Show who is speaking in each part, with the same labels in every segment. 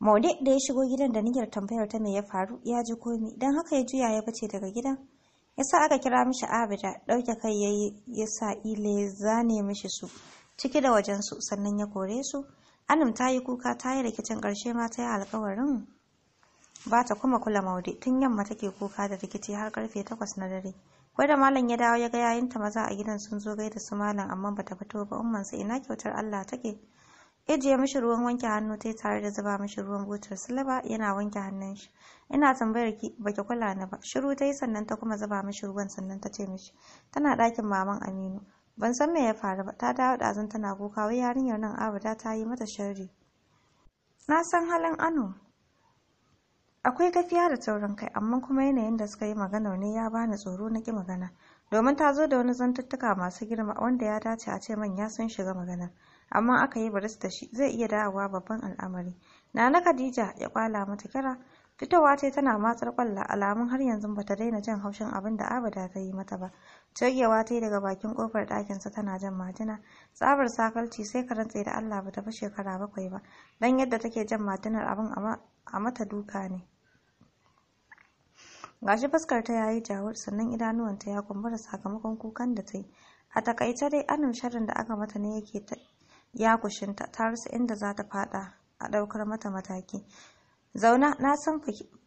Speaker 1: maude da ya shigo gidan da niyyar tambayar ta me ya faru ya ji komi don haka ya juya ya bace daga gidan ya sa aka kira mishi abida ɗauke kai ya ya sa ile zane mishi su ciki da wajen su sannan ya kore su anum ta yi kuka ta yi rikicin ƙarshe ma ta yi alkawarin ba ta kuma kula maude tun yamma take kuka da rikici har karfe takwas na dare wai da malam ya dawo ya ga yayinta maza a gidan sun zo gaida su malam amma ba ta fito ba umman sa ina kyautar Allah take Ajiye mishi ruwan wanke hannu ta tare da zuba mishi ruwan butar silaba yana wanke hannun shi. Ina tambayar ki baki kula ni ba. Shiru ta yi sannan ta kuma zuba mishi ruwan sannan ta ce mishi tana ɗakin maman Aminu. Ban san me ya faru ba ta dawo ɗazun tana kuka wai yarinyar nan abuda ta yi mata sharri. Na san halin Ano. Akwai gafiya da taurin kai amma kuma yanayin da suka yi magana ne ya bani tsoro na ki magana. Domin ta zo da wani zantuttuka masu girma wanda ya dace a ce ya sun shiga maganar. amma aka yi baris da shi zai iya dawowa babban al'amari nana khadija ya kwala mata kira fitowa ce tana matsar kwalla alamun har yanzu bata daina jin haushin abin da abada ta yi mata ba cogewa ta yi daga bakin kofar sa tana jan majina tsabar sakalci sai ka rantse da allah ba ta fi shekara bakwai ba dan yadda take jan majinar abin a mata duka ne gashi fuskar ta yayi jawur sannan idanuwanta ya kumbura sakamakon kukan da ta yi a takaice dai anin sharrin da aka mata ne yake ta. ya kushinta ta rasa inda za ta fada a daukar mata mataki zauna na san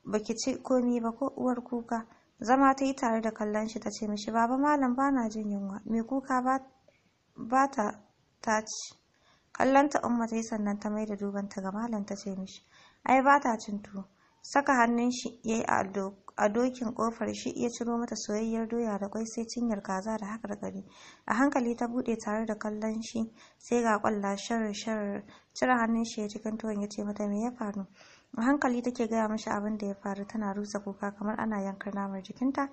Speaker 1: baki ci komi ba ko uwar kuka zama ta yi tare da kallon shi ta ce mishi baba malam ba na jin yunwa mai kuka ba ta taci kallon ta umma ta yi sannan ta mai da duban ta ga malam ta ce mishi ai ba ta cin tuwo saka hannun shi ya yi a dokin kofar shi ya ciro mata soyayyar doya da kwai sai cinyar kaza da haka da gari a hankali ta bude tare da kallon shi sai ga kwalla sharar sharar cire hannun shi ya cikin tuwon ya ce mata me ya faru a hankali take gaya mashi abin da ya faru tana rusa kuka kamar ana yankar namar jikinta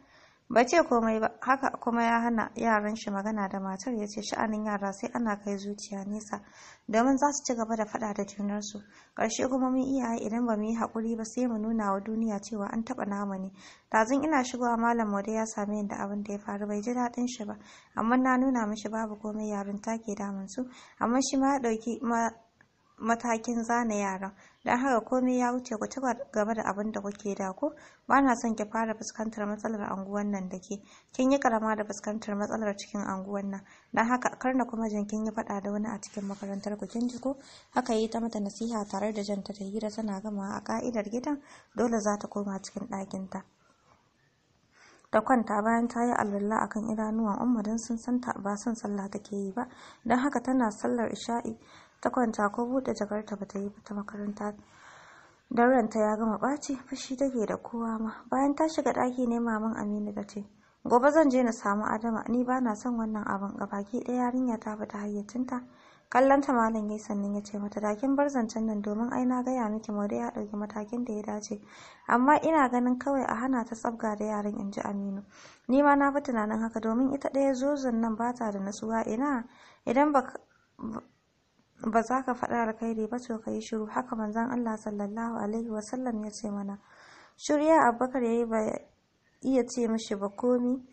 Speaker 1: Ba ce komai ba, haka kuma ya hana yaran shi magana da matar ya ce sha'anin yara sai ana kai zuciya nesa, domin za su ci gaba da faɗa da junarsu. Ƙarshe kuma mun iyaye idan ba mu yi haƙuri ba sai mu nuna wa duniya cewa an taɓa nama ne. Dazun ina shigowa Malam wade ya same ni da abin da ya faru bai ji daɗin shi ba, amma na nuna mishi babu komai yarinta ke damunsu su, amma shi ma ya ɗauki matakin zane yaran don haka komai ya wuce ku ci gaba da abin da kuke da ku ba na son ki fara fuskantar matsalar anguwan nan da ke kin yi karama da fuskantar matsalar cikin anguwan nan don haka kar na kuma jin kin yi faɗa da wani a cikin makarantar ku kin ji ko haka yi ta mata nasiha tare da jan ta hira tana gama a ka'idar gidan dole za ta koma cikin ɗakinta. ta kwanta bayan ta yi alwala a kan idanuwan umma don sun santa ba son sallah take yi ba don haka tana sallar isha'i ta kwanta ko buɗe jakarta ba ta yi ba ta makaranta don ranta ya gama ɓaci fushi take da kowa ma bayan ta shiga ɗaki ne maman aminu da ce gobe zan je na samu adama ni ba na son wannan abin gabaki ɗaya yarinya ta fita hayyacinta kallonta malam yayi sannan ya ce mata dakin bar zancen nan domin ai na gaya miki mode ya ɗauki matakin da ya dace amma ina ganin kawai a hana ta tsabga da yaran inji aminu ni ma na fi tunanin haka domin ita ɗaya zozon nan ba ta da nasuwa ina idan ba ba za ka faɗa alkhairi ba to ka yi shiru haka manzon Allah sallallahu alaihi wa sallam ya ce mana shirya abubakar ya yi ba iya ce mishi ba komi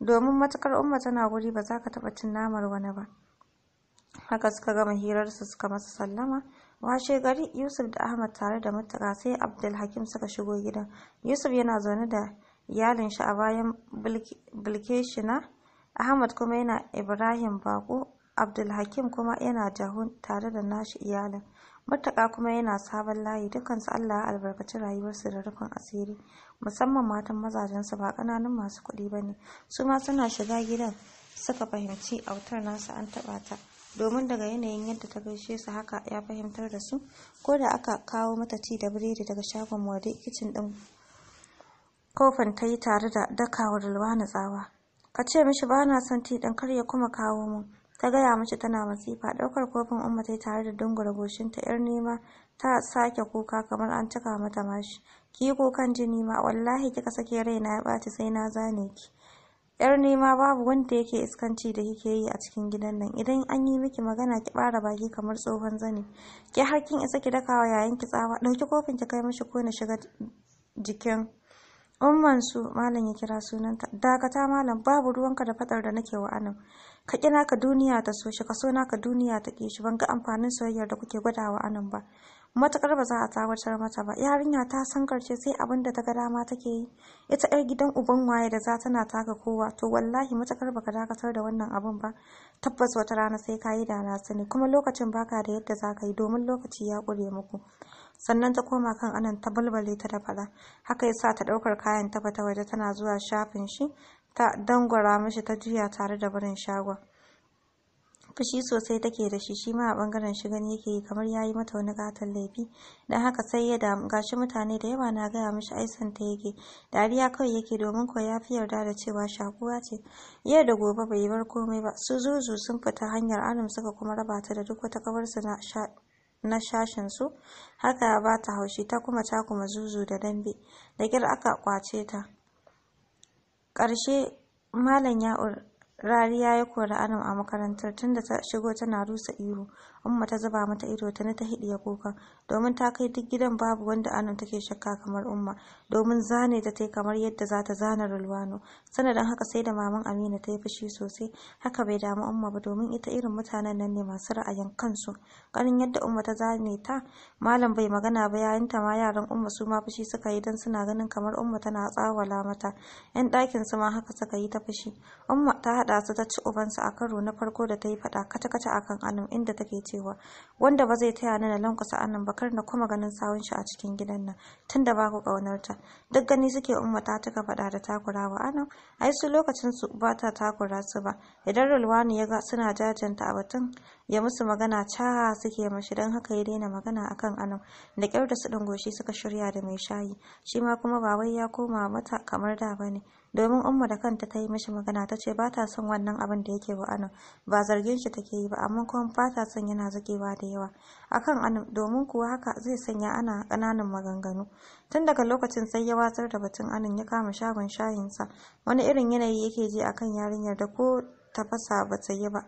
Speaker 1: domin matukar umma tana guri ba za ka taɓa cin namar wani ba haka suka gama hirar hirarsu suka masa sallama washe gari yusuf da ahmad tare da mutaka sai abdulhakim suka shigo gidan yusuf yana zaune da iyalin shi a bayan bilkeshina ahmad kuma yana ibrahim bako Abdulhakim kuma yana Jahun tare da nashi iyalin. Murtaka kuma yana sabon layi dukansu Allah ya albarkaci rayuwarsu da rufin asiri musamman matan mazajensu ba kananan masu kuɗi ba ne su ma suna shiga gidan suka fahimci autar nasu an taɓa ta domin daga yanayin yadda ta gaishe su haka ya fahimtar da su ko da aka kawo mata ci da biredi daga shagon wade kicin ɗin kofin ta yi tare da dakawar na tsawa ka ce mishi ba na son ti din kar ya kuma kawo mu. ta gaya mace tana masifa ɗaukar kofin umma ta tare da dungura ta yar nema ta sake kuka kamar an cika mata mashi ki yi kukan jini ma wallahi kika sake raina ya bata sai na zane ki yar nema babu wanda yake iskanci da kike yi a cikin gidan nan idan an yi miki magana ki bara baki kamar tsohon zani ki har kin isa ki dakawa yayin ki tsawa ɗauki kofin ki kai mashi ko na shiga jikin umman su malam ya kira sunanta dakata malam babu ruwanka da fadar da nake wa anan ka kira ka duniya ta so shi ka so naka duniya ta ki shi ban ga amfanin soyayyar da kuke gwadawa anan ba matakar ba za a tawatar mata ba yarinya ta san karshe sai abin da ta ga dama take yi ita yar gidan uban waye da za tana taka kowa to wallahi matakar baka dakatar da wannan abin ba tabbas wata rana sai ka yi da na sani kuma lokacin baka da yadda za ka yi domin lokaci ya ƙure muku sannan ta koma kan anan ta balbale ta da fada haka yasa ta ɗaukar kayan ta fata waje tana zuwa shafin shi ta dangwara mashi ta juya tare da barin shagon fushi sosai take da shi shi ma a bangaren shi gani yake kamar ya yi mata wani gatan laifi don haka sai ya damu gashi mutane da yawa na gaya mishi aisan ta yake dariya kawai yake domin ko ya fi yarda da cewa shakuwa ce yau da gobe bai bar komai ba su zuzu sun fita hanyar alam suka kuma raba ta da duk wata kawarsu na na shashin su haka ba ta haushi ta kuma ta kuma zuzu da dambe da kyar aka kwace ta ƙarshe malam ya rariya ya kori Adam a makarantar tunda ta shigo tana rusa ihu Umma ta zuba mata ido ta ta hidiya kuka domin ta kai duk gidan babu wanda anan take shakka kamar Umma domin zane ta tai kamar yadda za ta zana Rulwano sanadin haka sai da maman Amina ta yi fushi sosai haka bai damu Umma ba domin ita irin mutanen nan ne masu ra'ayin kansu ganin yadda Umma ta zane ta malam bai magana ba yayin ta ma yaran Umma su ma fushi suka yi dan suna ganin kamar Umma tana tsawala mata yan ɗakin su ma haka suka yi ta fushi Umma ta haɗa su ta ci ubansu a karo na farko da ta yi faɗa kata-kata akan anan inda take ce. cewa wanda ba zai taya ni na lankwasa anan ba kar na kuma ganin sawun shi a cikin gidan nan tunda ba ku kaunar duk gani suke ummata ta taka faɗa da takura wa anan ai su lokacin su ba ta takura su ba idan rulwani ya ga suna jajanta a batun ya musu magana ca suke mashi don haka ya daina magana akan anan da kyar da su goshi suka shirya da mai shayi shi ma kuma ba wai ya koma mata kamar da bane domin umma da kanta ta yi mishi magana ta ce ba ta son wannan abin da yake wa anu ba zargin shi take yi ba amma kuma ba ta son yana zakewa da yawa akan anan domin kuwa haka zai sanya ana kananan maganganu tun daga lokacin sai ya watsar da batun anan ya kama shagon shayinsa wani irin yanayi yake ji akan yarinyar da ko tafasa ba ta yi ba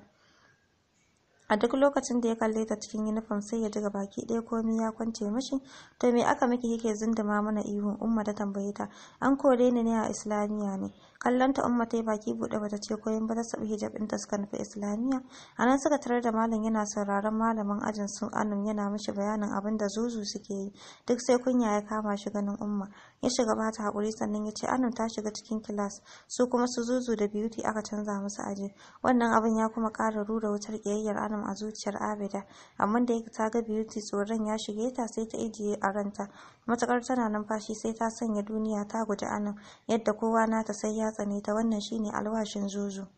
Speaker 1: a duk lokacin da ya kalle ta cikin yunifom sai ya jiga baki ɗaya komi ya kwance mishi to me aka miki kike zinduma mana ihun umma ta tambaye ta an kore ni ne a islamiyya ne kallon ta umma ta yi baki buɗe bata ce koyon ba ta saɓi hijab ta suka nufi islamiyya a nan suka tarar da malam yana sauraron malamin ajin su anum yana mishi bayanin abin da zuzu suke yi duk sai kunya ya kama shi ganin umma ya shiga ba ta haƙuri sannan ya ce anum ta shiga cikin kilas su kuma su zuzu da beauty aka canza musu aji wannan abin ya kuma kara rura wutar ƙiyayyar anum a zuciyar abida amma da ta ga beauty tsoron ya shige ta sai ta ijiye a ranta matuƙar tana numfashi sai ta sanya duniya ta guji anan yadda kowa nata sai ya tsane ta wannan shine alwashin zuzu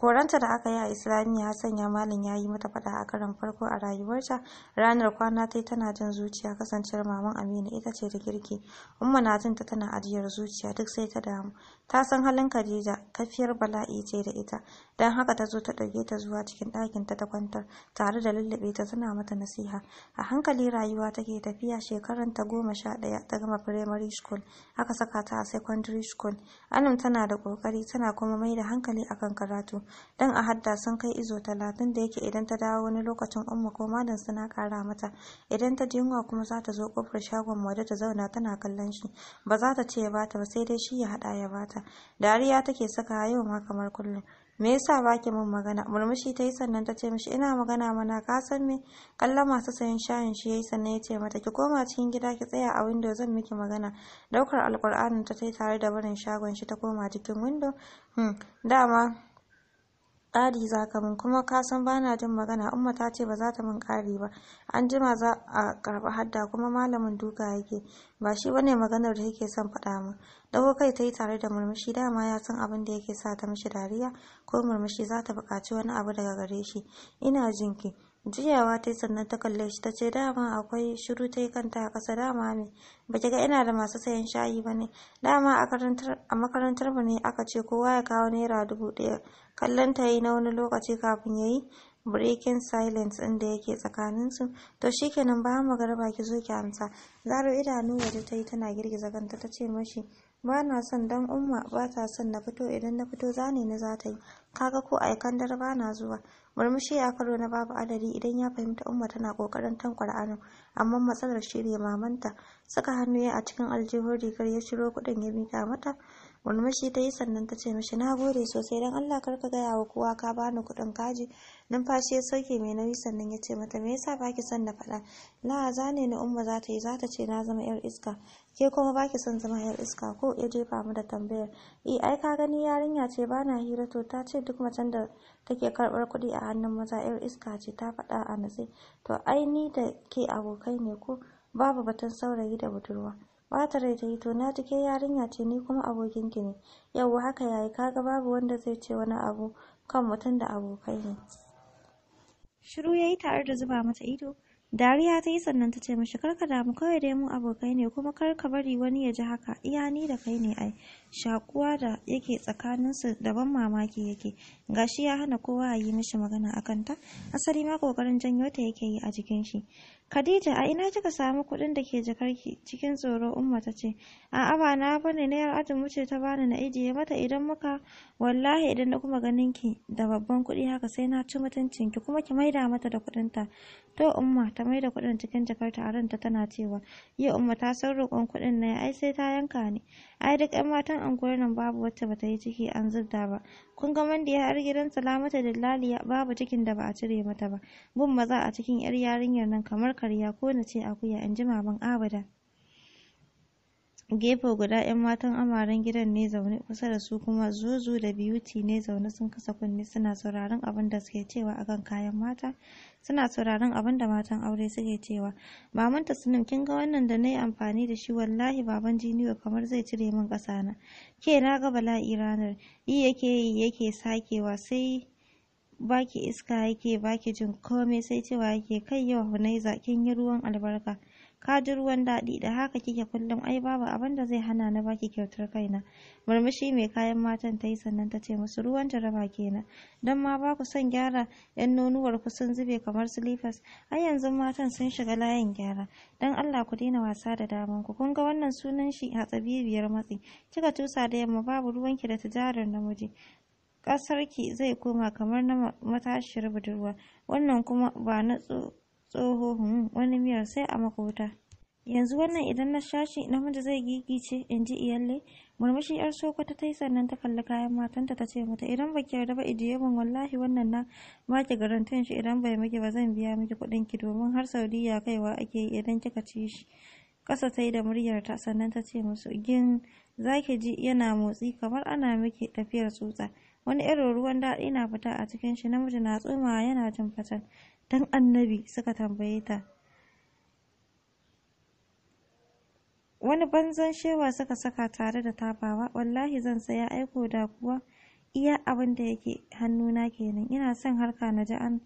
Speaker 1: koranta da aka yi a islamiyya ya sanya malam ya yi mata fada a karin farko a rayuwarta ranar kwana ta tana jin zuciya kasancewar maman aminu ita ce da girki umma na jin ta tana ajiyar zuciya duk sai ta damu ta san halin khadija kafiyar bala'i ce da ita don haka ta zo ta ɗauke ta zuwa cikin ɗakin ta ta kwantar tare da lullube ta tana mata nasiha a hankali rayuwa take tafiya shekaran ta goma sha ɗaya ta gama primary school aka saka ta a secondary school anan tana da ƙoƙari tana kuma mai da hankali akan karatu dan a hadda sun kai izo talatin da yake idan ta dawo wani lokacin umma ko malam suna kara mata idan ta jinwa kuma za ta zo kofar shagon waje ta zauna tana kallon shi ba za ta ce ya bata ba sai dai shi ya hada ya bata dariya take saka yau ma kamar kullum me yasa baki min magana murmushi ta yi sannan ta ce mishi ina magana mana ka san me kallon masu sayan shayin shi yayi sannan ya ce mata ki koma cikin gida ki tsaya a window zan miki magana daukar alkur'anin ta tai tare da barin shagon shi ta koma cikin window hmm dama ƙari za ka min kuma ka san ba na jin magana umma ta ce ba za ta min ƙari ba an jima za a karɓi hadda kuma malamin duka yake ba shi bane maganar da yake son faɗa min dago kai ta yi tare da murmushi dama ya san abin da yake sa ta mishi dariya ko murmushi za ta buƙaci wani abu daga gare shi ina jinki juyawa ta yi sannan ta kalle shi ta ce dama akwai shiru ta yi kanta a ƙasa dama me
Speaker 2: baki ga ina da
Speaker 1: masu sayan shayi ba ne dama a makarantar mu ne aka ce kowa ya kawo naira dubu ɗaya kallon ta yi na wani lokaci kafin ya yi breaking silence inda da yake tsakaninsu to shi ba bayan Garba ki zo ki amsa zaro idanu waje ta yi tana girgiza kanta ta ce mashi ba na son dan umma ba ta son na fito idan na fito zane na za ta yi kaga ko aikandar ba na zuwa murmushi a karo na babu adadi idan ya fahimta umma tana kokarin tan qur'ani amma matsalar shi mamanta saka hannu ya a cikin aljihun rigar ya ciro kudin ya mika mata murmushi ta yi sannan ta ce mishi na gode sosai don allah kar ka gaya wa kowa ka bani kuɗin kaji numfashi ya sauke mai nauyi sannan ya ce mata me yasa baki son na faɗa la za ne umma za ta yi za ta ce na zama yar iska ke kuma baki son zama yar iska ko ya jefa mu da tambayar i e, ai ka gani yarinya ce ba na hira to ta ce duk macen da take karɓar kuɗi a hannun maza yar iska ce ta faɗa a natse to ai ni da ke abokai ne ko babu batun saurayi da budurwa Bata rai ta yi to na ji ke yarinya ce ni kuma abokin ki ne. Yawwa haka yayi kaga babu wanda zai ce wani abu kan mutum da abokai ne. Shiru ya tare da zuba mata ido. Dariya ta yi sannan ta ce mashi ka damu kawai dai mu abokai ne kuma kar ka bari wani ya ji haka iya ni da kai ne ai shakuwa da yake tsakaninsu daban mamaki yake gashi ya hana kowa ya yi mishi magana akan ta asali ma kokarin janyo ta yake yi a jikin shi Khadija a ina kika samu kuɗin da ke jakar ki cikin tsoro umma ta ce a'a ba na bane ne yar ajin muce ta bani na ijiye mata idan muka wallahi idan na kuma ganin ki da babban kuɗi haka sai na ci mutuncin ki kuma ki maida mata da kuɗin ta to umma ta maida kuɗin cikin jakarta a ranta tana cewa ya umma ta san roƙon kuɗin ne ai sai ta yanka ni ai duk yan matan anguwar nan babu wacce bata yi ciki an zubda ba kun ga ya har gidan salamata da laliya babu cikin da ba a cire mata ba bin maza a cikin yar yarinyar nan kamar karya ko na ce akuya in ji maman abada gefe guda 'yan matan amaren gidan ne zaune kusa da su kuma zuzu da beauty ne zaune sun kasa kunne suna sauraron abin da suke cewa akan kayan mata suna sauraron abin da matan aure suke cewa mamanta sunan kin ga wannan da na yi amfani da shi wallahi baban jiniyo kamar zai cire min ƙasa na ke na ga bala'i ranar yi yake yi yake sakewa sai baki iska yake baki jin komai sai cewa yake kai yau hunaiza kin yi ruwan albarka ka ji ruwan daɗi da haka kike kullum ai babu abin da zai hana na baki kyautar kaina murmushi mai kayan matan ta yi sannan ta ce musu ruwan jaraba kenan don ma ba ku son gyara yan nonuwar ku sun zube kamar silifas Har yanzu matan sun shiga layin gyara don allah ku daina wasa da daman ku kun ga wannan sunan shi a tsabibiyar matsi kika tusa da yamma babu ruwanki da tijarar namiji ƙasarki zai koma kamar na matashiyar budurwa wannan kuma ba na tsohon wani miyar sai a makota yanzu wannan idan na shashi namiji zai gigice in ji iyalle murmushi yar sokoto ta tai sannan ta kalli kayan matanta ta ce mata idan baki yarda ba ijiye min wallahi wannan na maki garantin shi idan bai miki ba zan biya miki kuɗin ki domin har saudiya kaiwa ake yi idan kika ci shi kasa ta yi da muryar ta sannan ta ce musu gin zaki ji yana motsi kamar ana miki tafiyar tsutsa wani irin ruwan daɗi na fita a cikin shi namiji na tsuma yana jin fatan dan annabi suka tambaye ta wani banzan shewa suka saka tare da tabawa wallahi zan saya aiko da kuwa iya abin da yake hannuna kenan ina son harka na ji an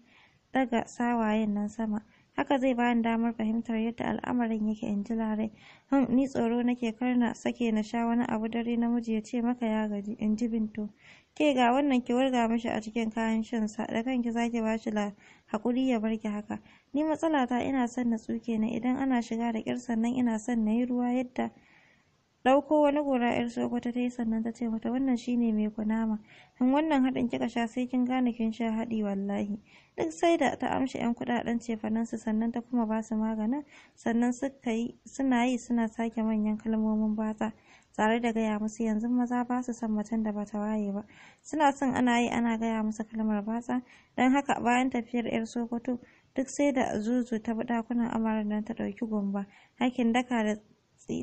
Speaker 1: daga sawayen nan sama haka zai bani damar fahimtar yadda al'amarin yake in ji larai han ni tsoro nake kar na sake na sha wani abu dare namiji ya ce maka ya gaji in ji binto ke ga wannan ki wurga mishi a cikin kayan shan sa da kanki zaki bashi la hakuri ya barki haka ni matsalata ina son na tsuke na idan ana shiga da kirsan nan ina son na yi ruwa yadda ɗauko wani gora yar sokoto ta yi sannan ta ce mata wannan shine mai kunama in wannan haɗin kika sha sai kin gane kin sha haɗi wallahi duk sai da ta amshi yan kuɗaɗen cefanen su sannan ta kuma ba su maganin sannan suka yi suna yi suna sake manyan kalmomin batsa tare da gaya musu yanzu maza ba su son macen da bata waye ba suna son ana yi ana gaya musu kalmar batsa don haka bayan tafiyar yar sokoto duk sai da zuzu ta bi dakunan amaran nan ta ɗauki gumba hakin daka da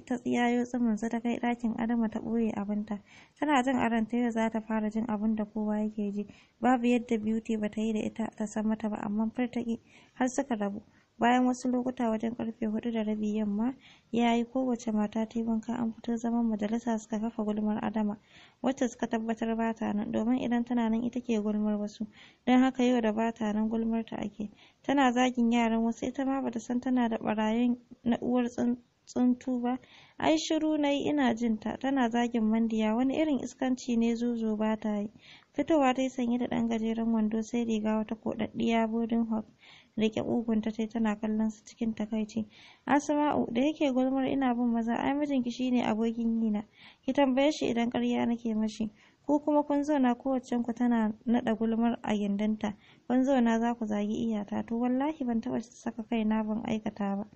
Speaker 1: ta tsiyayo sa ta kai ɗakin adama ta ɓoye abinta tana jin aron ta za ta fara jin abin da kowa yake ji babu yadda beauty ba ta yi da ita ta san mata ba amma fartaki har suka rabu bayan wasu lokuta wajen karfe hudu da rabi yamma ya yi kowace mata ta yi wanka an fito zaman majalisa suka kafa gulmar adama wacce suka tabbatar ba ta nan domin idan tana nan ita ke gulmar wasu don haka yau da ba ta nan gulmar ta ake tana zagin yaran wasu ita ma bata san tana da barayin na uwar tsuntu ba ai shiru na yi ina jinta tana zagin mandiya wani irin iskanci ne zuzo ba ta yi fitowa ta yi sanye da ɗan gajeren wando sai riga wata koɗaɗɗiya bodin hop rike ugunta tayi tana kallon su cikin takaici asma'u da yake gulmar ina bin maza ai mijinki shine abokin yina ki tambaye shi idan ƙarya nake mashi ko kuma kun zauna kowaccen ku tana naɗa gulmar a gindinta kun zauna za ku zagi iyata to wallahi ban taɓa saka kaina ban aikata ba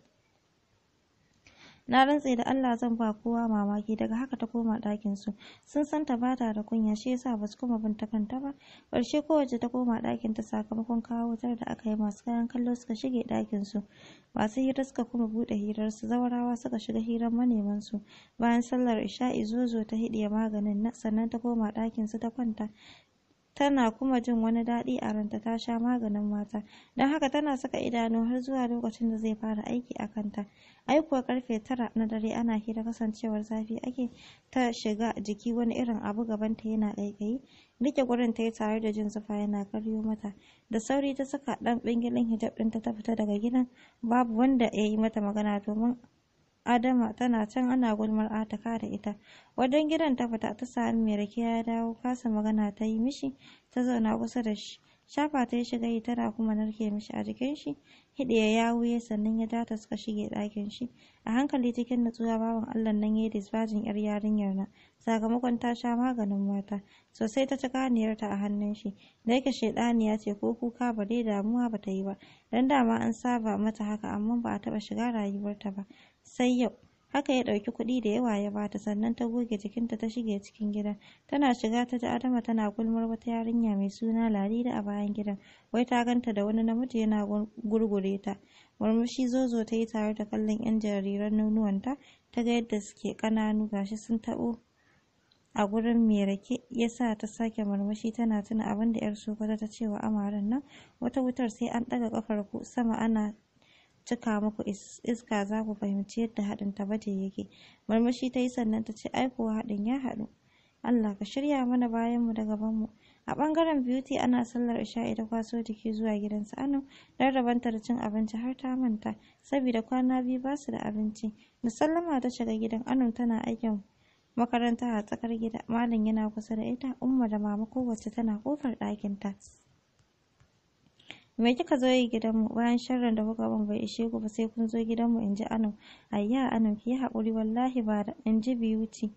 Speaker 1: na rantse da Allah zan ba kowa mamaki daga haka ta koma ɗakin su sun san ta bata da kunya shi yasa ba su kuma binta kanta ba ƙarshe kowace ta koma ɗakin ta sakamakon kawo wutar da aka yi masu kayan kallo suka shige ɗakin su masu hira suka kuma buɗe hirar su zawarawa suka shiga hirar maneman su bayan sallar isha'i zozo ta hidiye maganin sannan ta koma ɗakin su ta kwanta tana kuma jin wani daɗi a ranta ta sha maganin mata don haka tana saka idanu har zuwa lokacin da zai fara aiki a kanta ai kuwa karfe tara na dare ana hira kasancewar zafi ake ta shiga jiki wani irin abu gabanta yana ƙaiƙayi rike gurin ta yi tare da jin zufa yana karyo mata da sauri ta saka ɗan bingilin hijab ɗinta ta fita daga gidan babu wanda ya yi mata magana domin Adama tana can ana gulmar ataka da ita. Wajen gidan ta fita ta sami mai rake ya dawo kasa magana ta yi mishi ta zauna kusa da shi. Shafa ta shiga yi tana kuma narke mishi a jikin shi. Hidiya ya wuye sannan ya data suka shige ɗakin shi. A hankali cikin natsuwa bawan Allah nan ya disbajin yar yarinyar na. Sakamakon ta sha maganin mata. Sosai ta ci ta a hannun shi. Da yake ya ce ko kuka ba dai damuwa ba ta yi ba. Dan dama an saba mata haka amma ba a taɓa shiga rayuwarta ba. sai yau haka ya ɗauki kuɗi da yawa ya bata sannan ta goge jikinta ta shige cikin gidan tana shiga ta ji adama tana gulmar wata yarinya mai suna larira a bayan gidan wai ta ganta da wani namiji yana gurgure ta murmushi zozo ta yi tare da kallon yan jariran nunuwanta ta ga yadda suke ƙananu gashi sun taɓo a gurin mai rake ya sa ta sake murmushi tana tuna abin da yar sokoto ta ce wa amaren nan wata wutar sai an ɗaga ƙafar ku sama ana cika muku iska za ku fahimci yadda haɗin ta tabate yake marmashi ta yi sannan ta ce ai kuwa haɗin ya haɗu Allah ka shirya mana bayan bayanmu da mu. a bangaren beauty ana sallar isha'i ta kwaso jiki zuwa gidansa anu rarrabanta da cin abinci har ta manta saboda kwana biyu ba su da abinci musallama ta shiga gidan anu tana aikin makaranta a tsakar gida malam yana kusa da ita umma da mama kowace tana kofar ɗakinta. ta me kika zo yi gidanmu bayan sharrin da kuka ban bai ishe ku ba sai kun zo gidanmu in ji anan ayya anan ki yi haƙuri wallahi ba in ji biyuti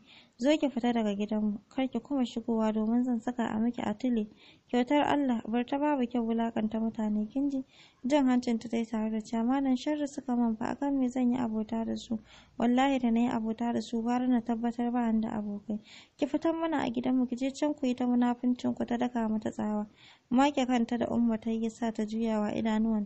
Speaker 1: zo ki fita daga gidanmu kar ki kuma shigowa domin zan saka a miki a tile kyautar Allah bar ta babu kyau wulakanta mutane kinji jan hancin ta tare da cewa malam sharri suka man fa akan me zan yi abota da su wallahi da nayi abota da su gara na tabbatar ba da abokai ki fitan mana a gidanmu ki je can ku yi ta munafincin ku ta daka mata tsawa make kanta da umma ta yi sa ta juyawa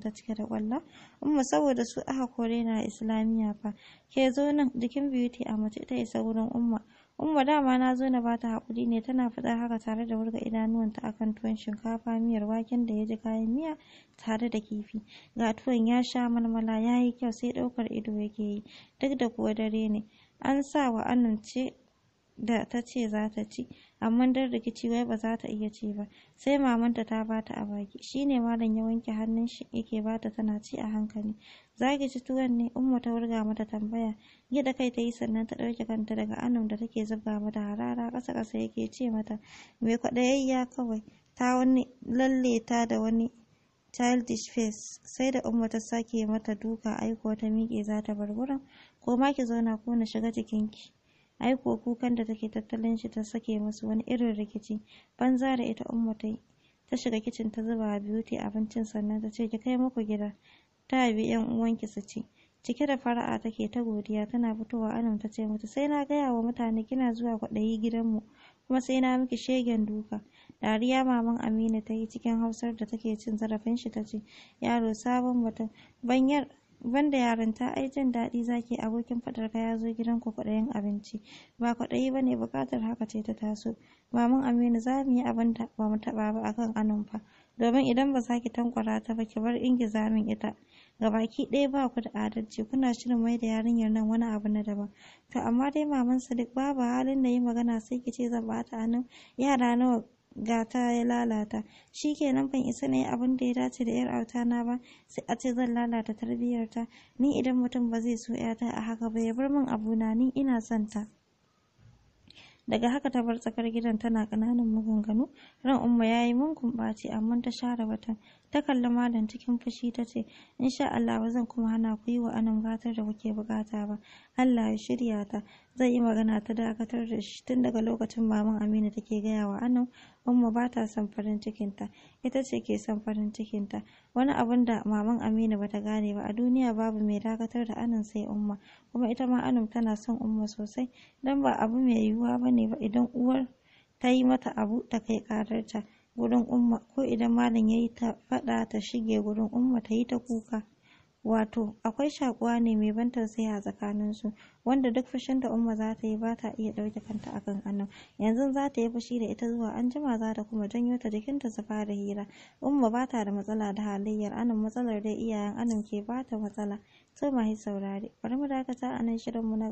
Speaker 1: ta cike da kwalla umma saboda su aka kore na islamiyya fa ke zo nan jikin beauty a mace ta isa gurin umma Umma dama na zo na bata haƙuri ne tana faɗar haka tare da wurga idanuwanta kan tuwon shinkafa miyar waken da ya ji kayan miya tare da kifi. Ga tuwon ya sha malmala ya yi kyau sai ɗaukar ido yake yi duk da kuwa dare ne. An sa wa ce da ta ce za ta ci amma dan rikici wai ba za ta iya ci ba sai mamanta ta bata a baki shine malam ya wanke hannun shi yake bata tana ci a hankali zaki ci tuwon ne umma ta wurga mata tambaya da kai ta yi sannan ta ɗauke kanta daga anum da take zuba mata harara ƙasa ƙasa yake ce mata mai kwaɗayayya kawai ta wani lalle ta da wani childish face sai da umma ta sake mata duka aiko ta miƙe za ta bar gurin ko ma ki zauna ko na shiga ki? aiko kuwa kukan da take tattalin shi ta sake masu wani irin rikici banza da ita umma ta shiga kicin ta zuba beauty abincin sannan ta ce ki kai muku gida ta bi yan uwanki su ci cike da fara'a take ta godiya tana fitowa anan ta ce mata sai na gaya wa mutane kina zuwa kwaɗayi gidanmu kuma sai na miki shegen duka dariya maman amina ta yi cikin hausar da take cin zarafin shi ta ce yaro sabon mutum banyar banda yarinta ai jin daɗi zaki abokin faɗar ya zo gidan ku kwaɗayin abinci ba kwaɗayi ba ne buƙatar haka ce ta taso maman aminu za mu yi abin da ba mu taɓa ba akan anan domin idan ba za ki tankwara ta ba ki bar ingiza min ita Ga baki ɗaya ba ku da adalci kuna shirin mai da yarinyar nan wani abu na daban to amma dai maman sadiq babu halin da yi magana sai ki ce zan bata anan yara nawa gata ya lalata shi kenan ban isa ne abun abin da ya dace da 'yar auta na ba sai a ce zan lalata tarbiyyarta ni idan mutum ba zai so 'yata a haka ba ya bar min abuna ni ina son ta daga haka ta bar tsakar gidan tana kananan maganganu ran umma ya yi mun kumbaci amma ta share watan ta kalli malam cikin fushi ta ce insha Allah ba zan kuma hana ku yi wa anan gatar da kuke bukata ba Allah ya shirya ta zai yi magana ta dakatar da shi tun daga lokacin maman Aminu take gaya wa anan umma ba ta son farin ta ita ce ke son farin ta wani abun da maman Aminu bata gane ba a duniya babu mai dakatar da anan sai umma kuma ita ma anan tana son umma sosai dan ba abu mai yiwuwa bane ba idan uwar ta yi mata abu ta kai karar ta. gurin umma ko idan malam ya yi ta faɗa ta shige gurin umma ta yi ta kuka wato akwai shakuwa ne mai ban tausayi a tsakanin su wanda duk fushin da umma za ta yi ba ta iya ɗauke kanta akan anan yanzu za ta yi fushi da ita zuwa an jima za ta kuma janyo ta jikinta su fara hira umma ba ta da matsala da halayyar anan matsalar dai iyayen anan ke ba ta matsala to mahi saurare bari mu dakata a nan shirinmu na